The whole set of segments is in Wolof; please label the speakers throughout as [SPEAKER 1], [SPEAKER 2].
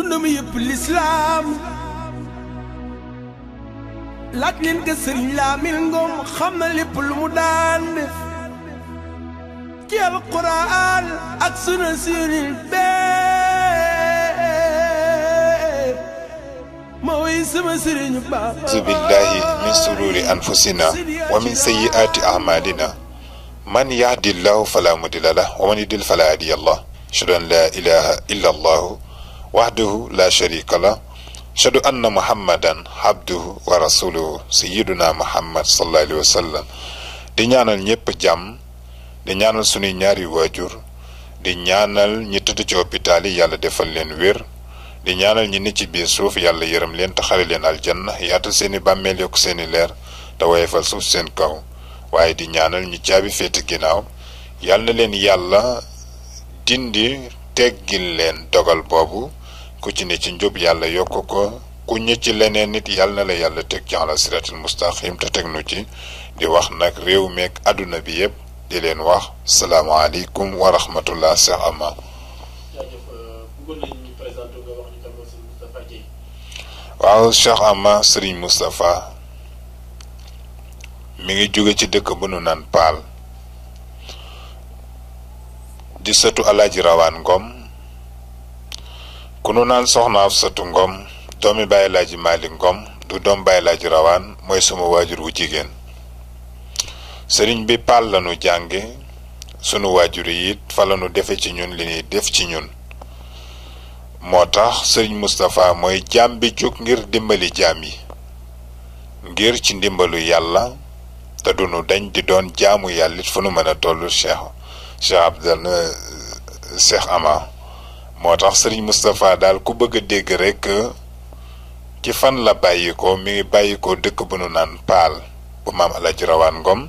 [SPEAKER 1] dundam yëpp lislaam laaj leen ko sëriñ Lamin Ngom xam na lépp lu mu daan def ci alquran ak suna sëriñ bee ma woy sama sëriñ ba
[SPEAKER 2] billahi min sururi anfusina wa min sayyiati a'malina man yahdillahu fala mudilla lah wa man yudlil fala hadiya lah ashhadu an la ilaha illa allah wahdahu la sharika la ashhadu anna muhammadan abduhu wa rasuluhu sayyiduna muhammad sallallahu alayhi wa sallam di ñaanal ñépp jàmm di ñaanal sunuy ñaari waajur di ñaanal ñi tëdd ci hôpital yàlla defal leen wér di ñaanal ñi nit ci biir suuf yàlla yërëm leen te xare leen aljanna yaatal seeni bàmmeel yokk seeni leer te woyefal suuf seen kaw waaye di ñaanal ñi caabi féete ginnaaw yàlla leen yàlla dindi teggil leen dogal boobu ku ci ne ci njub yàlla yokk ko ku ñëcc leneen nit yàlla na la yàlla teg ci ala siratil mustaqim wax nag réew meeg bi yëpp di leen wax salaamaaleykum wa rahmatullah Cheikh Ama
[SPEAKER 1] euh,
[SPEAKER 2] waaw Cheikh mi ngi jóge ci dëkk bu di sëtu Alaaji Rawaan Ngom ku nu naan soxna Afsatu Ngom doomi Baye Laaji Maalik Ngom du doom Baye Laaji Rawaan mooy suma waajur wu jigéen sëriñ bi Paal lanu jànge sunu waajur yi it fa lanu defe ci ñun li ñuy def ci ñun moo tax sëriñ Moustapha mooy jaam bi jóg ngir dimbali jaam yi ngir ci ndimbalu yàlla te dunu dañ di doon jaamu yàlla it nu mën a toll Cheikh Cheikh Abdel moo tax sëriñ Moustapha daal ku bëgg a dégg rekk ci fan la bàyyi ko mi ngi bàyyi ko dëkk bu nu naan paal bu maam Alaaji Rawaan Ngom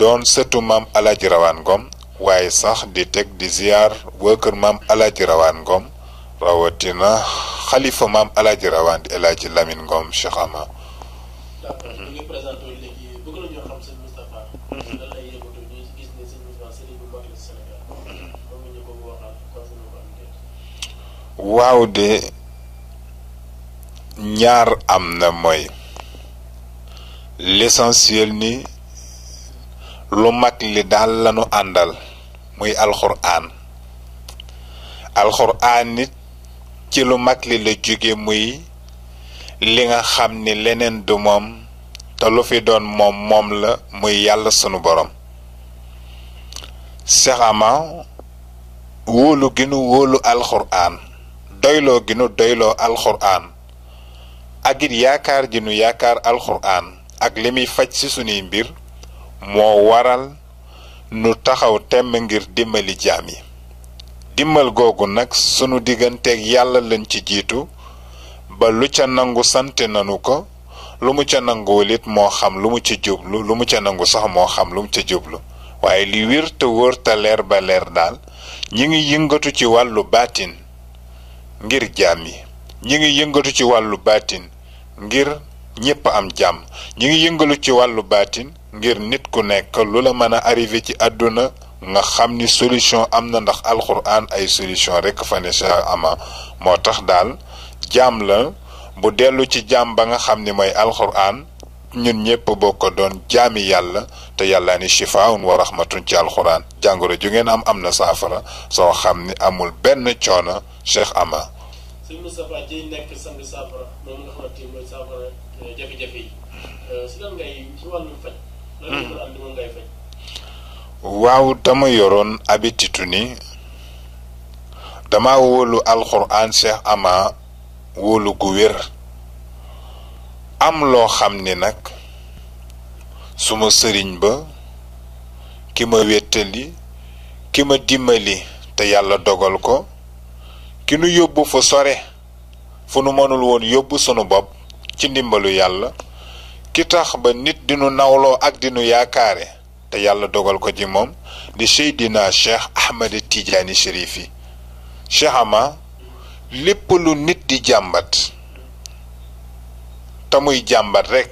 [SPEAKER 2] doon sëtu maam Alaaji Rawaan Ngom waaye sax di teg di ziyaar waa kër maam Alaaji Rawaan Ngom rawatina xalifa maam Alaaji Rawaan di Alaaji Lamine Ngom Cheikh Ama waaw de ñaar am na mooy l'essentiel ni lu mag li daal lanu àndal muy alxuraan alxuraan nit ci lu mag li la jóge muy li nga xam ni leneen du moom te lu fi doon moom moom la muy yàlla sunu borom Seex Ama wóolu gi nu wóolu alxuraan doyloo gi nu doyloo alxuraan ak yaakaar ji nu yaakaar alxuraan ak li muy faj ci sunuy mbir moo waral nu taxaw temm ngir dimbali jaam yi dimbal googu nag sunu digganteeg yàlla lañ ci jiitu ba lu ca nangu sant nanu ko lu mu ca nanguwul it moo xam lu mu ca jublu lu mu ca nangu sax moo xam lu mu ca jublu waaye li wér te wóor leer ba leer daal ñi ngi yëngatu ci wàllu baatin ngir jaam yi ñi ngi yëngatu ci wàllu baatin ngir ñépp am jàmm ñi ngi yëngalu ci wàllu baatin ngir nit ku nekk lu la mën a arrivé ci àdduna nga xam ni solution am na ndax alxuraan ay solution rekk fa ne sa ama moo tax daal jaam la bu dellu ci jaam ba nga xam ni mooy alxuraan ñun ñépp boo ko doon jaami yàlla te yàlla ni shifaun wa rahmatun ci alxuraan jàngoro ju ngeen am am na saafara soo xam ni amul benn coono Cheikh Ama
[SPEAKER 1] sëñ Moustapha Dieye euh, euh,
[SPEAKER 2] waaw dama yoroon habitude ni dama wóolu alxuraan Cheikh Ama wóolu gu wér am loo xam ni nag suma sëriñ ba ki ma wéttali ki ma dimbali te yàlla dogal ko. ki nu yóbbu fu sore fu nu mënul woon yóbbu sunu bopp ci ndimbalu yàlla ki tax ba nit di nawloo ak dinu nu yaakaare te yàlla dogal ko ci moom di Seydina Cheikh Ahmed Tidiane Chérif yi Cheikh Ama lépp lu nit di jàmbat te muy jàmbat rekk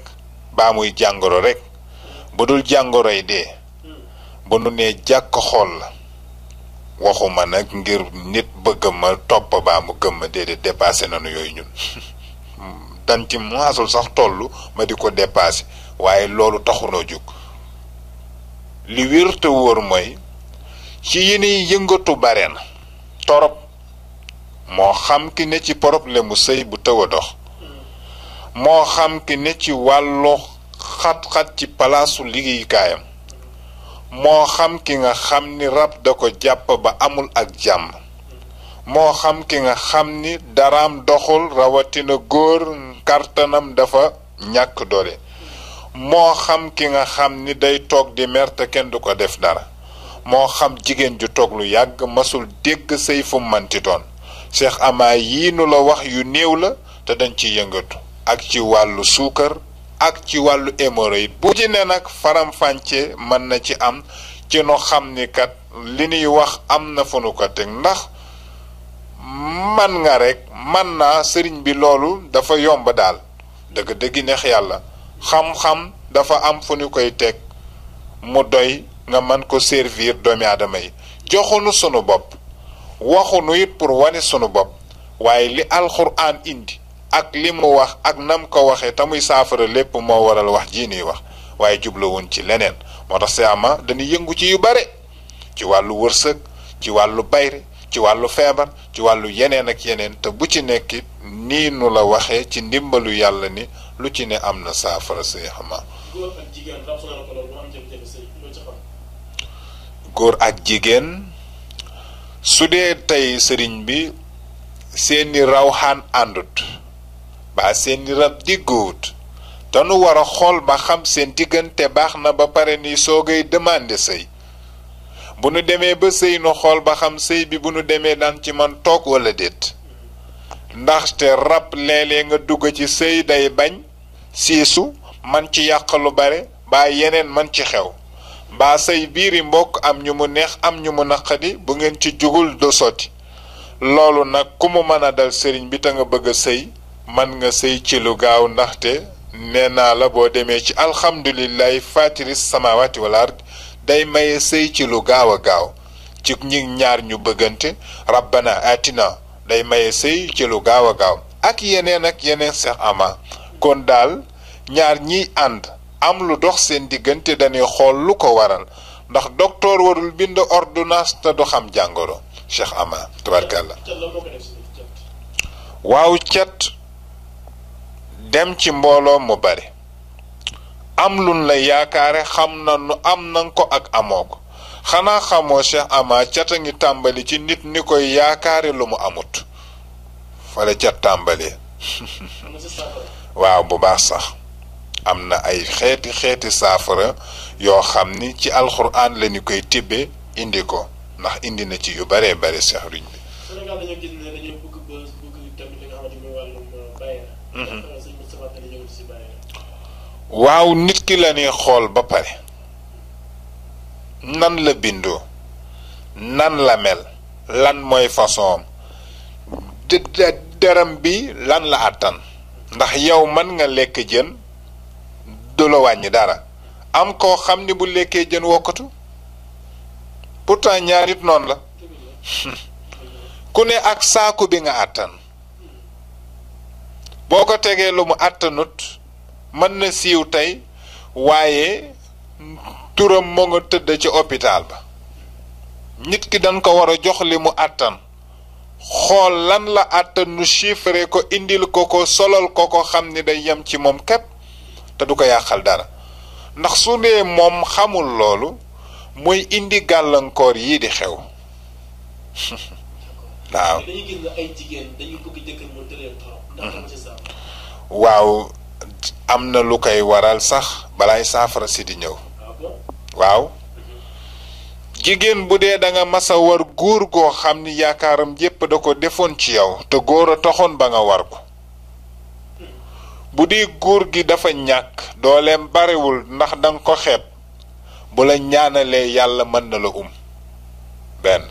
[SPEAKER 2] baa muy jàngoro rekk bu dul jàngoroy dee bu nu nee jàkk xool la waxuma nag ngir nit bëgg ma topp baa mu gëm ma déedéet dépassé nañu yooyu ñun dan ci maasul sax toll ma di ko dépassé waaye loolu taxunoo jóg li te wóor mooy ci yéenay yëngatu bare na torop moo xam ki ne ci problème mu sëy bu tëw a dox moo xam ki ne ci wàllu xat-xat ci palaasu liggéeyukaayam moo xam ki nga xam ni rab da ko jàpp ba amul ak jàmm moo xam ki nga xam ni daram doxul rawatina góor kartanam dafa ñàkk doole moo xam ki nga xam ni day toog di mer kenn du ko def dara moo xam jigéen ju toog lu yàgg masul dégg sëy fu manti doon Cheikh Ama yii nu la wax yu néew la te dañ ci yëngatu ak ci wàllu suukar ak ci wàllu hémorroïde bu ci ne nag faramfànce mën na ci am ci no xam ni kat li nuy wax am na fu nu ko teg ndax mën nga rekk mën naa sëriñ bi loolu dafa yomb daal dëgg dëggi neex yàlla xam-xam dafa am fu ñu koy teg mu doy nga mën ko servir doomi aadama yi joxunu sunu bopp waxunu it pour wane sunu bopp waaye li alxuraan indi ak li mu wax ak nam ko waxee te muy saafara lépp moo waral wax jii nii wax waaye jubluwuñ ci leneen moo tax siama dañuy yëngu ci yu bare ci wàllu wërsëg ci wàllu bayri ci wàllu feebar ci wàllu yeneen ak yeneen te bu ci nekk nii nu la waxee ci ndimbalu yàlla ni lu ci ne am na saafara say góor ak jigéen sudee tey sëriñ bi seeni rawxaan àndut ba seeni rab diggoowut te nu war a xool ba xam seen diggante baax na ba pare ni soogay demande sëy bu nu demee ba sëy nu xool ba xam sëy bi bu nu demee daan ci man toog walla déet ndaxte rab léeg nga dugg ci sëy day bañ siisu man ci yàq lu bare baa yeneen man ci xew baa biir biiri mbokk am ñu mu neex am ñu mu naqadi bu ngeen ci jugul do sotti loolu nag ku mu mën a dal sëriñ bi te nga bëgg a sëy man nga sëy ci lu gaaw ndaxte nee na la boo demee ci alhamdulillahi fatiri samawati wal ard day maye sëy ci lu gaaw a gaaw ci ñi ñaar ñu bëggante rabbana atina day maye sëy ci lu gaaw a gaaw ak yeneen ak yeneen seex ama kon daal ñaar ñiy ànd am lu dox seen diggante dañuy xool lu ko waral ndax docteur warul bind ordonnance te du xam jàngoro Cheikh Ama tubarkàlla waaw cet dem ci mbooloo mu bari am lun la yaakaare xam na nu am nan ko ak amoo ko xanaa xamoo Cheikh Ama cat a ngi tàmbali ci nit ni koy yaakaare lu mu amut fale cat tàmbali waaw bu baax sax am na ay xeeti xeeti saafara yoo xam ni ci alxuraan la ñu koy tibbee indi ko ndax indi na ci yu baree bare Cheikh Ruñ bi. waaw nit ki la xool ba pare nan la bindoo nan la mel lan mooy façon deram bi lan la àttan ndax yow mën nga lekk jën du la wàññi dara am koo xam ni bu lekkee jën wokkatu pourtant ñaarit noonu la ku ne ak saaku bi nga àttan boo ko tegee lu mu àttanut mën na siiw tey waaye turam moo nga tëdd ci hôpital ba nit ki dañ ko war a jox li mu àttan xool lan la àttanu nu chiffré ko indil ko ko solal ko ko xam ni day yem ci moom képp te du ko yàqal dara ndax su nee moom xamul loolu muy indi gàllankoor yii di xew waaw mhm. waaw am na lu koy waral sax balaay saafara si di ñëw waaw jigéen bu dee danga masa war góor goo xam ni yaakaaram yépp da ko defoon ci yow te góor a taxoon ba nga war ko bu dee góor gi dafa ñàkk dooleem barewul ndax danga ko xeet bu la ñaanalee yàlla mën na la um benn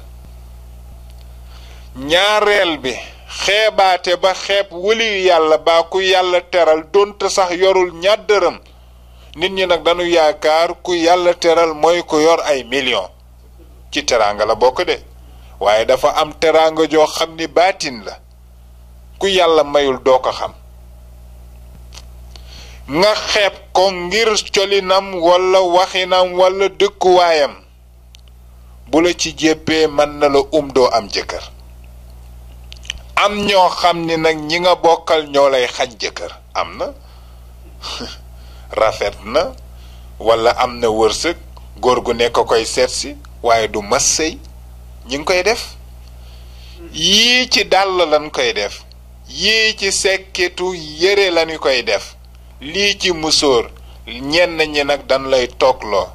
[SPEAKER 2] ñaareel bi xeebaate ba xeeb wëliyu yàlla baa ku yàlla teral donte sax yorul ñaar dërëm nit ñi nag dañu yaakaar ku yàlla teral mooy ku yor ay miliyon ci teraanga la bokk de waaye dafa am teraanga joo xam ni baatin la ku yàlla mayul doo ko xam nga xeeb ko ngir colinam walla waxinam walla dëkkuwaayam bu la ci jéppee mën na la um doo am jëkkër am ñoo xam ni nag ñi nga bokkal ñoo lay xañ jëkkër am na rafet na walla am na wërsëg góor gu nekk koy seetsi waaye du mas sëy ñi ngi koy def yii ci dàll lañ koy def yii ci sekkitu yére lañu koy def lii ci musóor ñenn ñi nag dañ lay toogloo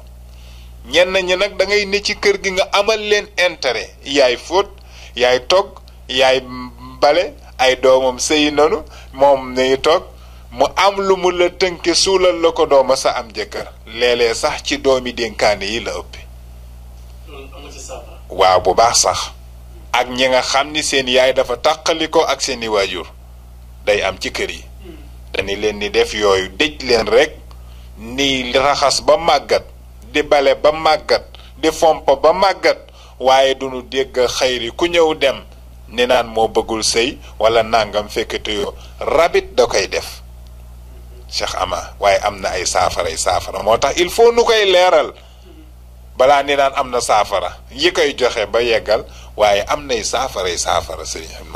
[SPEAKER 2] ñenn ñi nag da ci kër gi nga amal leen intere yaay fóot yaay togg yaay bale ay doomam sëy nanu moom nañu toog mu am lu mu la tënke suulal la ko dooma sa am jëkkër léeg sax ci doomi dénkaane yi la ëpp waaw bu baax sax ak ñi nga xam ni seen yaay dafa taqali ko ak seeni waajur day am ci kër yi dañu leen di def yooyu dëj leen rekk ni raxas ba màggat di bale ba màggat di fomp ba màggat waaye duñu dégg xayri ku ñëw dem ni naan moo bëggul sëy wala nangam fekkati yoo rabit da koy def Cheikh Ama waaye am na ay saafara ay saafara moo tax il faut nu koy leeral balaa ni naan am na saafara yi koy joxe ba yeggal waaye am nay saafara ay saafara sëriñ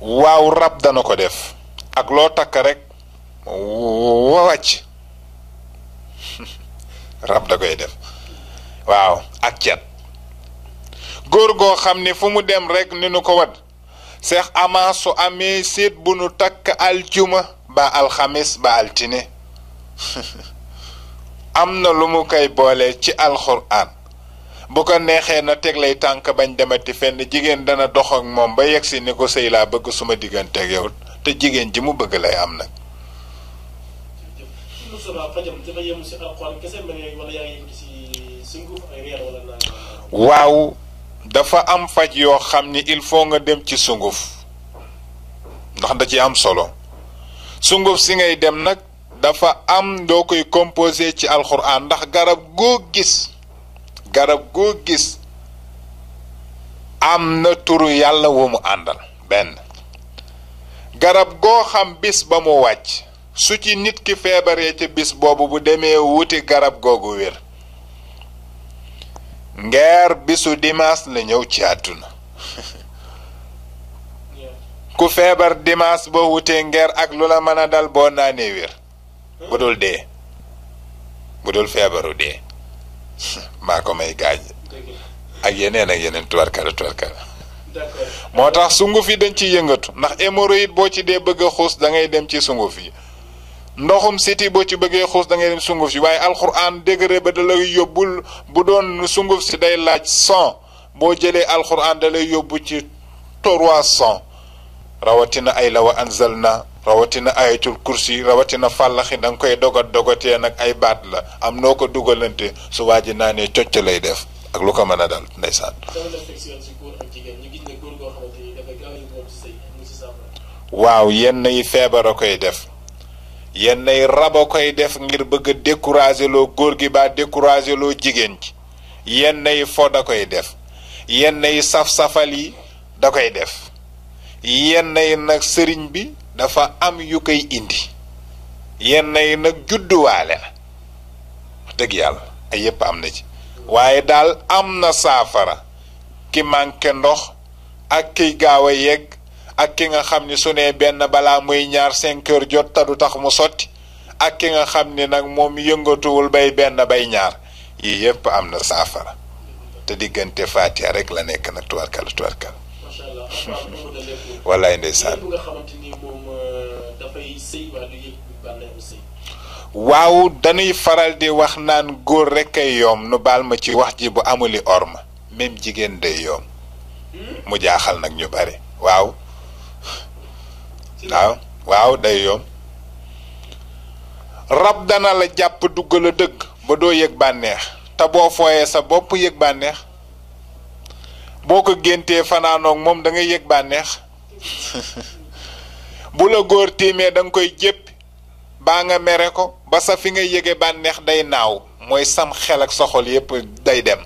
[SPEAKER 2] waaw rab dana ko def ak loo takk rek wàcc rab da koy def waaw ak cet góor goo xam ni fu mu dem rek ni nu ko wad seex ama su amee séet bu nu takk aljuma ba alxamis ba altine am na lu mu koy boole ci alxuraan bu ko neexee na teg lay tànk bañ demati fenn jigéen dana dox ak moom ba yegsi ni ko sëy laa bëgg suma diggante ak yow te jigéen ji mu bëgg lay am nag. waaw. dafa am faj yoo xam ni il faut nga dem ci sunguf ndax da ci am solo sunguf si ngay dem nag dafa am doo koy composé ci alxuraan ndax garab goo gis garab goo gis am na turu yàlla wu mu àndal benn garab goo xam bis ba mu wàcc su ci nit ki feebaree ca bis boobu bu demee wuti garab googu wér ngeer bisu dimaas la ñëw ci àdduna ku feebar dimaas boo wutee ngeer ak lu la mën a dal boo naanee wér bu dul dee bu dul feebaru dee maa ko may gaañ ak yeneen ak yeneen tubarkala tubarkala moo tax sunguf yi dañ ci yëngatu ndax hémorroïde boo ci dee bëgg xuus da ngay dem ci sunguf yi ndoxum siti boo ci bëggee xuus da ngay dem sunguf si waaye alxuraan degré ba da yóbbul bu doon sunguf si day laaj cent boo jëlee alxuraan da lay yóbbu ci trois cent rawatina ay lawa anzalna rawatina ayatul kursi rawatina fàllaxi da nga koy dogat dogatee nag ay baat la am noo ko dugalante su waa ji naa ne cocc lay def ak lu ko mën a dal ndeysaan waaw yenn yi feebar a koy def yenn ay rabo koy def ngir bëgg a loo góor gi baa décourager loo jigéen ci yenn ay fo da koy def yenn ay saf-safal yi da koy def yenn ay nag sëriñ bi dafa am yu koy indi yenn ay nag judduwaale la wax dëgg yàlla ay yépp am na ci waaye daal am na saafara ki mànke ndox ak ki gaaw a yegg ak ki nga xam ni su ne benn balaa muy ñaar cinq heures jot te tax mu sotti ak ki nga xam ni nag moom yëngatuwul bay benn bay ñaar yii yëpp am na saafara te diggante Faatiha rek la nekk nag tubarkal tubarkal.
[SPEAKER 1] macha allah
[SPEAKER 2] waaw dañuy faral di wax naan góor rekk ay yoom nu baal ma ci wax ji bu amuli orma même jigéen day yoom hmm? mu jaaxal nag ñu bare waaw. waaw waaw day yoom rab dana la jàpp dugg la dëgg ba doo yëg bànneex te boo fooyee sa bopp yëg bànneex boo ko géntee fanaanoog moom danga ngay yëg bànneex bu la góor tiimee da nga koy jéppi baa nga mere ko ba sa fi nga yëge bànneex day naaw mooy sam xel ak soxol yépp day dem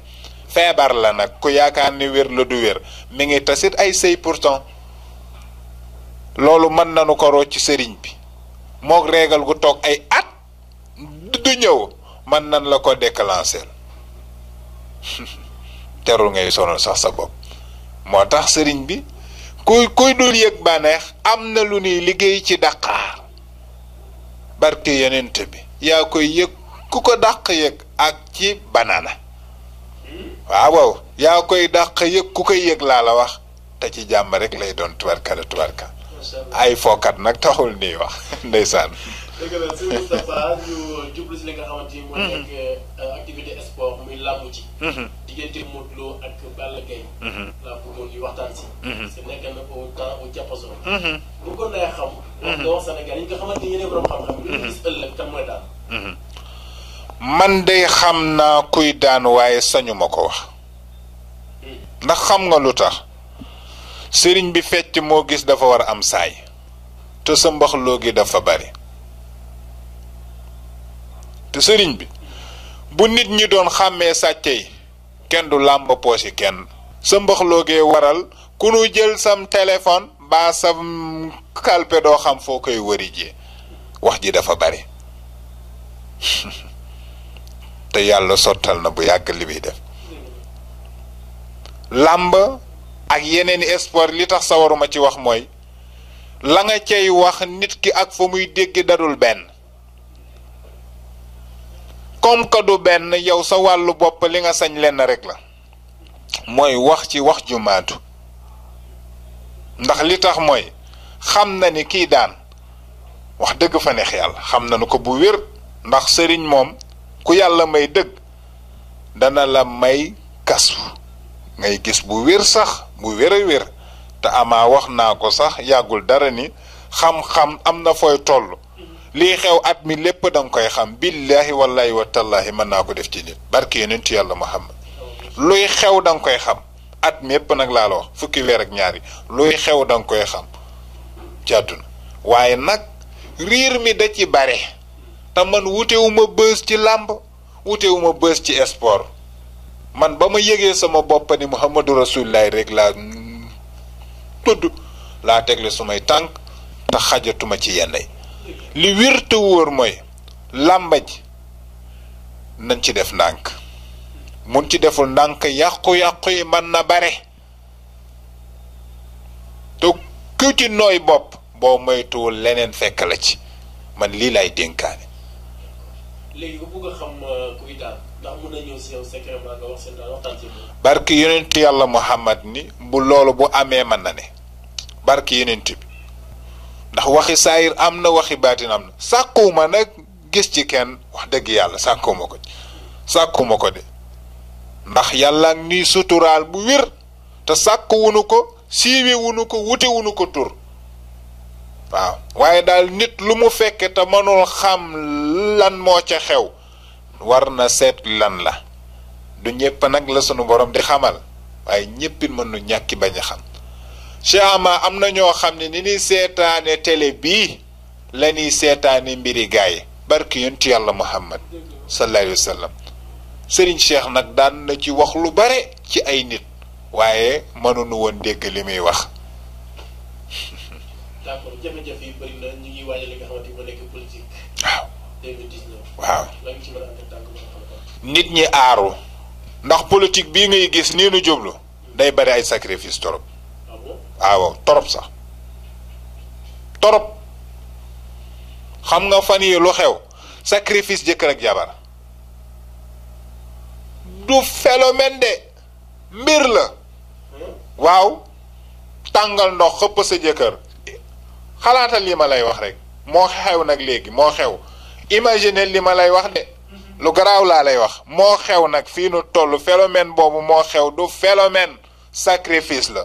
[SPEAKER 2] feebar la nag ku yaakaar ni wér la du wér mi ngi tasit ay sëy pourtant loolu mën nañu ko rocc ci sëriñ bi moog réegal gu toog ay at du ñëw mën nan la ko déclencher terul ngay sonal sax sa bopp moo tax sëriñ bi kuy kuy dul yéeg bànneex am na lu nuy liggéey ci daqaar barke yonent bi yaa koy yëg ku ko dàq yëg ak ci banana waaw yaa koy dàq yëg ku koy yëg laa la wax te ci jàmm rek lay doon tubarkala tubarka ay fookat nag taxul nii wax ndeysaan.
[SPEAKER 1] dëgg la suñu na au temps au diapason. bu mhm. ko nee
[SPEAKER 2] mhm. mhm. man de xam naa kuy daan waaye sañu ma ko wax. Hmm. ndax xam nga lu tax. sëriñ bi fecc moo gis dafa war a am saay te sa mbaxloo gi dafa bari te sëriñ bi bu nit ñi doon xàmmee sàcce yi kenn du làmb poosi kenn sa mbaxloo gee waral ku nu jël sam téléphone baa sam kalpe doo xam foo koy wëri ji wax ji dafa bari te yàlla sottal na bu yàgg li muy def ak yeneen i sport li tax sawaruma ci wax mooy la nga cay wax nit ki ak fa muy dégg dadul benn comme que benn yow sa wàllu bopp li nga sañ lenn rek la mooy wax ci wax jumaatu ndax li tax mooy xam na ni kii daan wax dëgg fa neex yàlla xam na nu ko bu wér ndax sëriñ moom ku yàlla may dëgg dana la may kasu ngay gis bu wér sax bu wér a wér te amaa wax naa ko sax yàggul dara ni xam-xam am na fooy toll lii xew at mi lépp danga koy xam billaahi wallaahi wa tallaahi mën naa ko def ci nit barke yonent yàlla Muhammad luy xew danga koy xam at mi yépp nag laa wax fukki weer ak ñaari luy xew danga koy xam ci waaye nag riir mi da ci bare te mën wutewuma bës ci làmb wutewuma bës ci sport man ba ma yëgee sama bopp ni muhammadu rasulillahi rek laa tudd laa tegle sumay tànk te xajatuma ci yenn yi li wér te wóor mooy làmbaj nañ ci def ndànk mun ci deful ndànk yàqu-yàqu yi mën na bare te ku ci nooy bopp boo moytuwul leneen fekk la ci man lii lay dénkaane
[SPEAKER 1] léegi nga bëgg a xam euh, na ñëw si yow secrètement nga wax seen daal waxtaan ci
[SPEAKER 2] barki yonent yàlla Muhammad ni bu loolu bu amee mën na ne barki yonent bi ndax waxi saayir am na waxi baatin am na sàkkuwuma nag gis ci kenn wax dëgg yàlla sàkkuwuma ko sàkkuma ko de ndax yàlla ngi nii suturaal bu wér te sàkkuwunu ko siiwewunu ko wutewunu ko tur waaw waaye daal nit lu mu fekke te mënul xam lan moo ca xew war na seet lan la du ñëpp nag la sunu borom di xamal waaye ñëppit mënu ñàkki bañ a xam chama am na ñoo xam ne ni ni seetaane tele bii la ñuy seetaane mbiri gaay yi barki yontu yàlla muhammad sallallahu alayhi sëriñ cheikh nag daan na ci wax lu bare ci ay nit waaye mënuñu woon dégg li muy wax
[SPEAKER 1] d' accord jafe-jafe yi ñu ngi waajal li nga xamante waaw
[SPEAKER 2] nit ñi aaru. ndax politique bii ngay gis nii nu jublu. day bari ay sacrifice torop. Ah ah waaw torop sax torop xam nga fan yi lu xew sacrifice jëkkër ak jabar du phénomène de mbir la hmm? waaw tàngal ndox xëpp sa jëkkër xalaatal lii ma lay wax rek moo xew nag léegi moo xew imagine lii ma lay wax de lu garaaw laa lay wax moo xew nag fii nu toll phénomène boobu moo xew du phénomène sacrifice la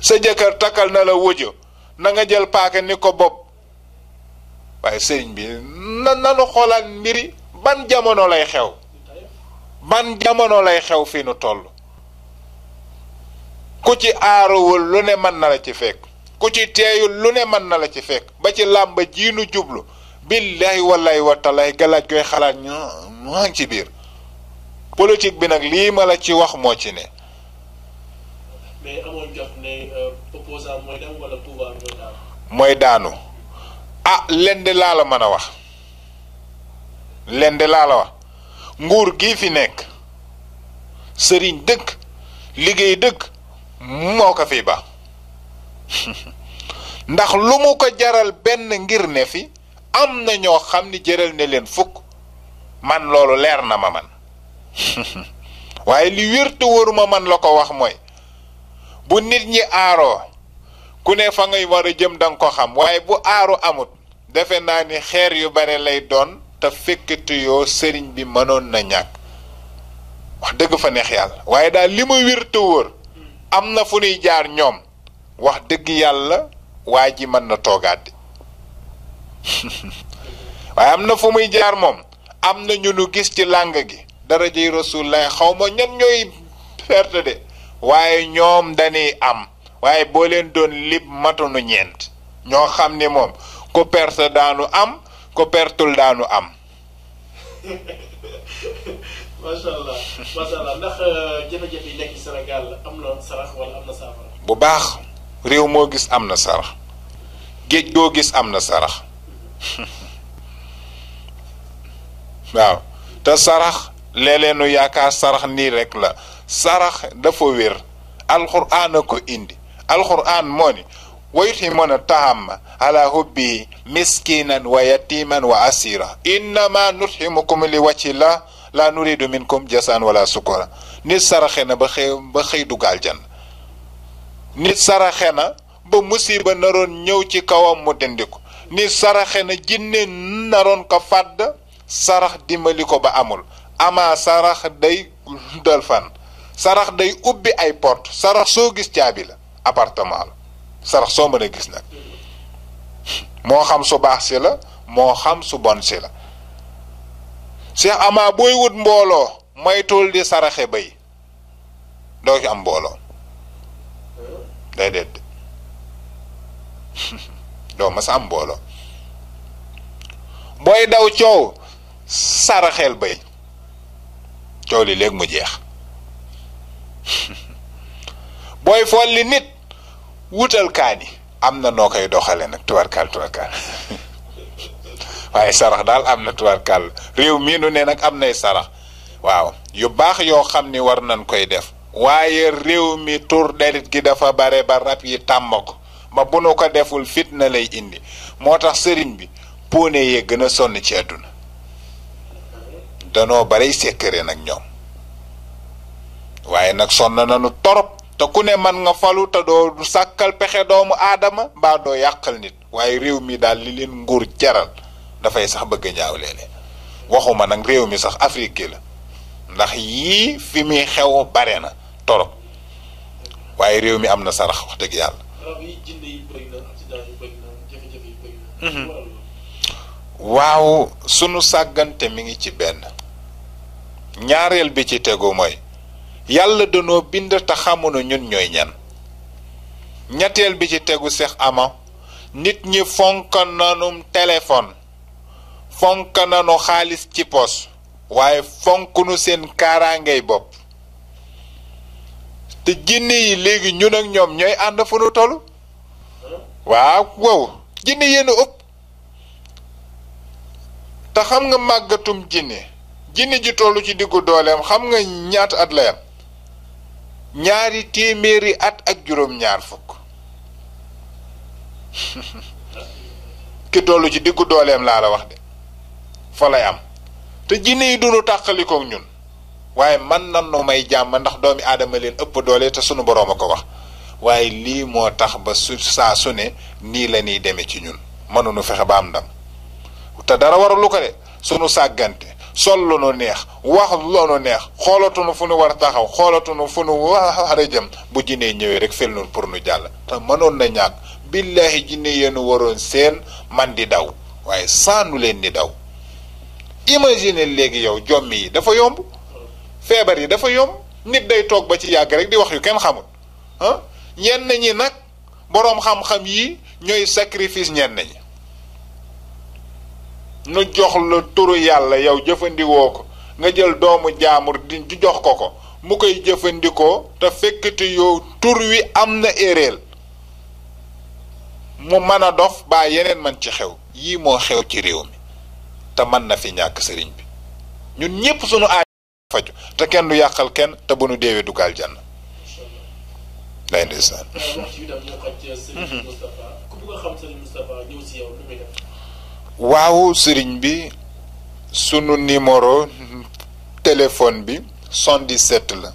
[SPEAKER 2] sa jëkkër takkal na la wuju na nga jël paaka ni ko bopp waaye sëriñ bi na nanu xoolaat mbiri ban jamono lay xew ban jamono lay xew fii nu toll ku ci aarawul lu ne mën na la ci fekk ku ci teeyul lu ne mën na la ci fekk ba ci làmba jiinu jublu billahi wallahi watalaay galaaj koy xalaat ñu ngi ci biir politique bi nag lii ma la ci wax moo ci ne.
[SPEAKER 1] mais amoon jot euh, mooy daanu.
[SPEAKER 2] mooy daanu ah laa la mën a wax lenn de laa la wax nguur gii fi nekk sëriñ dëkk liggéey dëkk. moo ko fi ba ndax lu mu ko jaral benn ngir ne fi am na ñoo xam ni jëral ne leen fukk man loolu leer na ma man waaye li wér te wóoruma man la ko wax mooy bu nit ñi aaroo ku ne fa ngay war a jëm danga ko xam waaye bu aaru amut defe naa ni xeer yu bare lay doon te fekkati sëriñ bi mënoon na ñàkk wax dëgg fa neex yàlla waaye daal li ma wér te wóor am na fu nuy jaar ñoom wax dëgg yàlla waa ji mën na toogaat waaye am na fu muy jaar moom am na ñu nu gis ci làng gi darajey rasul lay xaw ma ñan ñooy perte de waaye ñoom dañuy am waaye boo leen doon lib matunu ñeent ñoo xam ni moom ku perte daanu am ku pertul daanu am
[SPEAKER 1] macha allah euh,
[SPEAKER 2] bu baax réew moo gis am na sarax géej goo gis am na sarax waaw te sarax léeg yaakaar sarax nii rek la sarax dafa wér alxuraan a ko indi alxuraan moo ni ويطعمون الطعام على حبه مسكينا ويتيما واسيرا انما نطعمكم لوجه الله laa nuridu minkum jasaan wala sukora nit saraxe na ba xëy ba xëy dugal jan nit saraxe na ba musiba naroon ñëw ci kawam mu dindiku nit saraxe na jinne naroon ko fàdd sarax dimbali ko ba amul ama sarax day dal fan sarax day ubbi ay port sarax soo gis caabi la appartement la sarax soo mën a gis nag moo xam su baax si la moo xam su bon si la Cheikh Ama booy wut mbooloo moytul di saraxe bay doo ci am mbooloo déedéet doo mas am mbooloo booy daw coow saraxeel bay coow li léegi mu jeex booy fool li nit wutal kaani am na noo koy doxale nag tubarkaal tubarkaal waaye sarax daal am na tubaarkàll réew mii nu ne nag am nay sarax waaw yu baax yoo xam ni war nañ koy def waaye réew mi tur derit gi dafa bare ba rab yi tàmm ko ma bu nu ko deful fitna lay indi moo tax sëriñ bi póone yee gën a sonn ci àdduna danoo barey sekkëre nag ñoom waaye nag sonn nanu torop te ku ne man nga falu te doo sàkkal pexe doomu aadama mbaa doo yàqal nit waaye réew mi daal li leen nguur jaral dafay sax bëgg ñaaw leele waxuma nag réew mi sax Afrique la ndax yii fi muy xew bare na torop waaye réew mi am na sarax wax dëgg yàlla. waaw sunu sàggante mi ngi ci benn ñaareel bi ci tegu mooy yàlla danoo bind te xamuñu ñun ñooy ñan ñetteel bi ci tegu seex ama nit ñi fonk nanum téléphone fonk nanu xaalis ci poos waaye fonk nu seen kaaraangey bopp te jinne yi léegi ñun ak ñoom ñooy ànd fu nu toll waaw wow jinne yéen a te xam nga màggatum jinne jinne ji toll ci diggu dooleem xam nga ñaata at la yam ñaari téeméeri at ak juróom-ñaar fukk ki toll ci diggu dooleem laa la wax de fa lay am te jinne yi duñu tàqalikook ñun waaye man nan nu may jàmm ndax doomi aadama leen ëpp doole te sunu boroom a ko wax waaye lii moo tax ba su saa su ne nii la ñuy demee ci ñun mënuñu fexe ba am ndam te dara waralu ko de sunu sàggante sol lu nu neex wax lu nu neex xoolatunu fu nu war taxaw xoolatunu fu nu war a jëm bu jinne ñëwee rek fel nun pour nu jàll te mënoon na ñàkk billaahi jinne yeenu waroon seen man di daw waaye saanu leen di daw imagine léegi yow jommi yi dafa yomb feebar yi dafa yomb nit day toog ba ci yàgg rek di wax yu kenn xamul ah ñenn ñi nag boroom xam-xam yi ñooy sacrifice ñenn ñi nu jox la turu yàlla yow jëfandikoo ko nga jël doomu jaamur di jox ko ko mu koy jëfandikoo te fekkti yow tur wi am na éréel mu mën a dof ba yeneen man ci xew yii moo xew ci réew te mën na fi ñàkk sëriñ bi ñun ñépp sunu aaj faju te kenn du yàqal kenn te bu nu deewee dugal jànn day ndeysaan sëriñ bi sunu numéro téléphone bi 77 la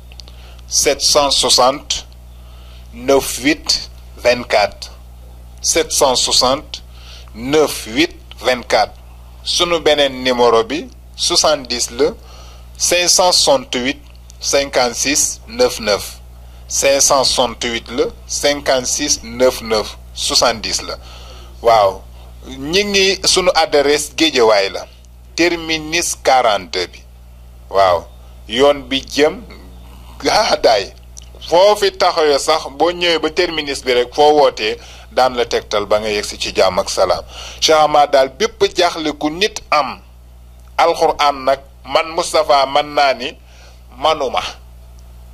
[SPEAKER 2] 760 98 24 760 98 24 sunu beneen numéro bi 70 la 568 56 99 568 la 56 la waaw ñi ngi sunu adresse géejawaay la terminus 42 bi waaw yoon bi jëm gaadaay foo fi taxawee sax boo ñëwee ba terminus bi rek foo wootee daan la tegtal ba nga yegsi ci jàmm ak salaam Cheikh Ahmad daal bépp jaaxle ku nit am alxuraan nag man Moustapha man naa ni manuma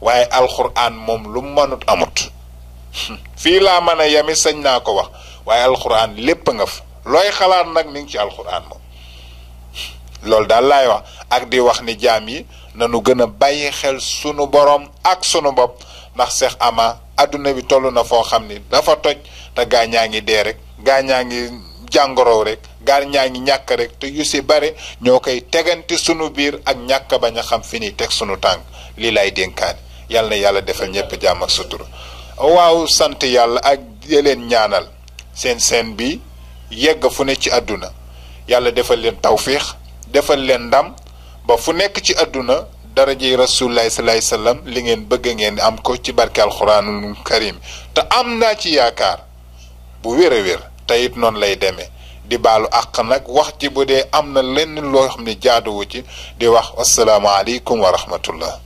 [SPEAKER 2] waaye alxuraan moom lu manut amut fii laa mën a yemi sañ naa ko wax waaye alxuraan lépp nga fa looy xalaat nag ni ngi ci alxuraan moom loolu daal laay wax ak di wax ni jaam yi nanu gën a bàyyi xel sunu boroom ak sunu bopp ndax Cheikh Ama adduna bi toll na foo xam ni dafa toj te gaa ñaa ngi dee rek gaa ñaa ngi jàngoro rek gaa ñaa ngi ñàkk rek te yu si bare ñoo koy teganti sunu biir ak ñàkk bañ a xam fi ni teg sunu tànk lii lay dénkaani yàlla yàlla defal ñëpp jàmm ak sutura waaw sant yàlla ak di leen ñaanal seen seen bi yegg fu ne ci àdduna yàlla defal leen tawféex defal leen ndam ba fu nekk ci àdduna darajey rasulullahi salaay sallam li ngeen bëgg ngeen am ko ci barke alxuraanul karim te am naa ci yaakaar bu wér wér te it noonu lay deme di baalu àq nag wax ci bu dee am na lenn loo xam ne jaaduwu ci di wax asalaamaaleykum aleykum rahmatullah